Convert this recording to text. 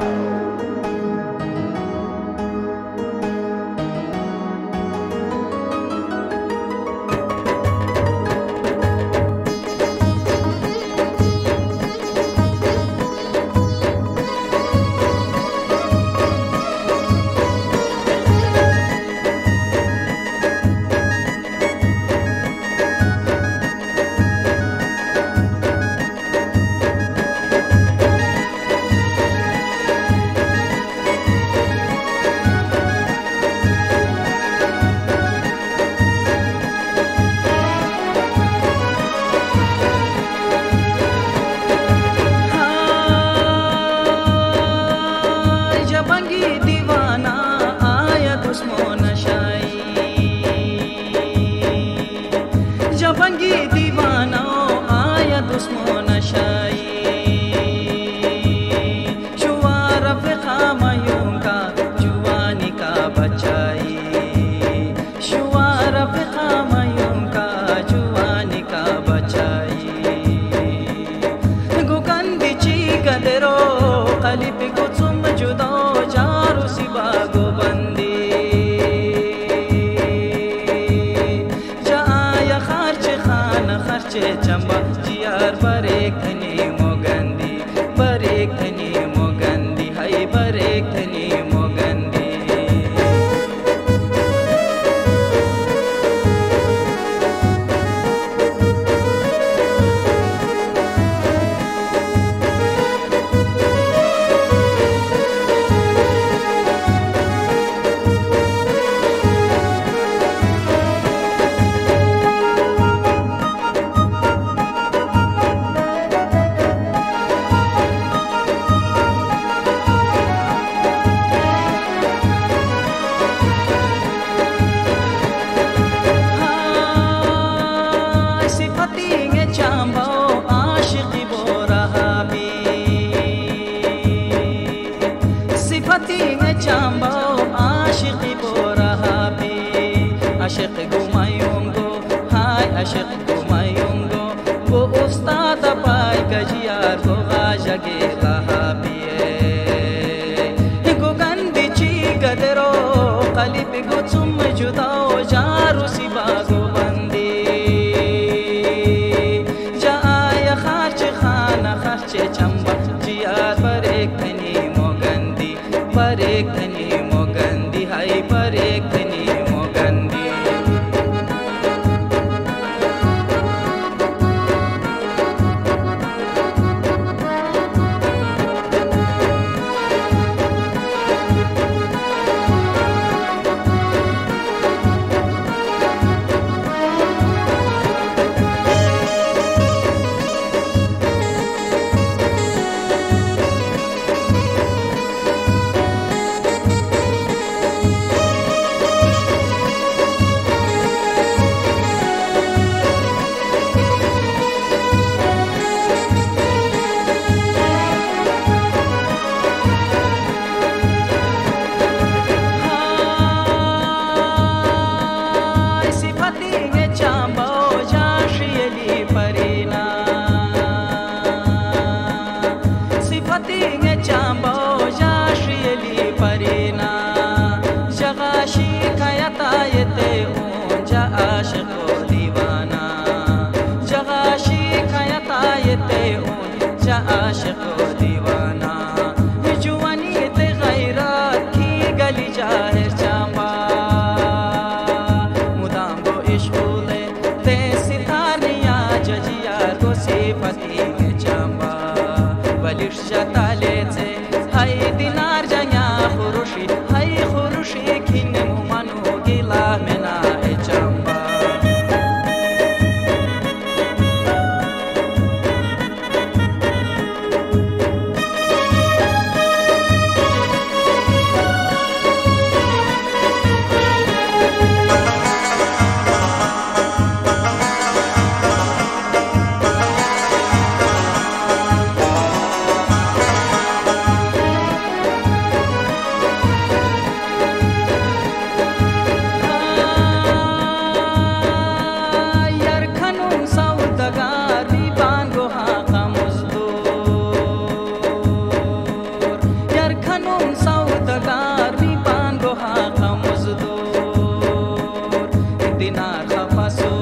thank you पे गो passou.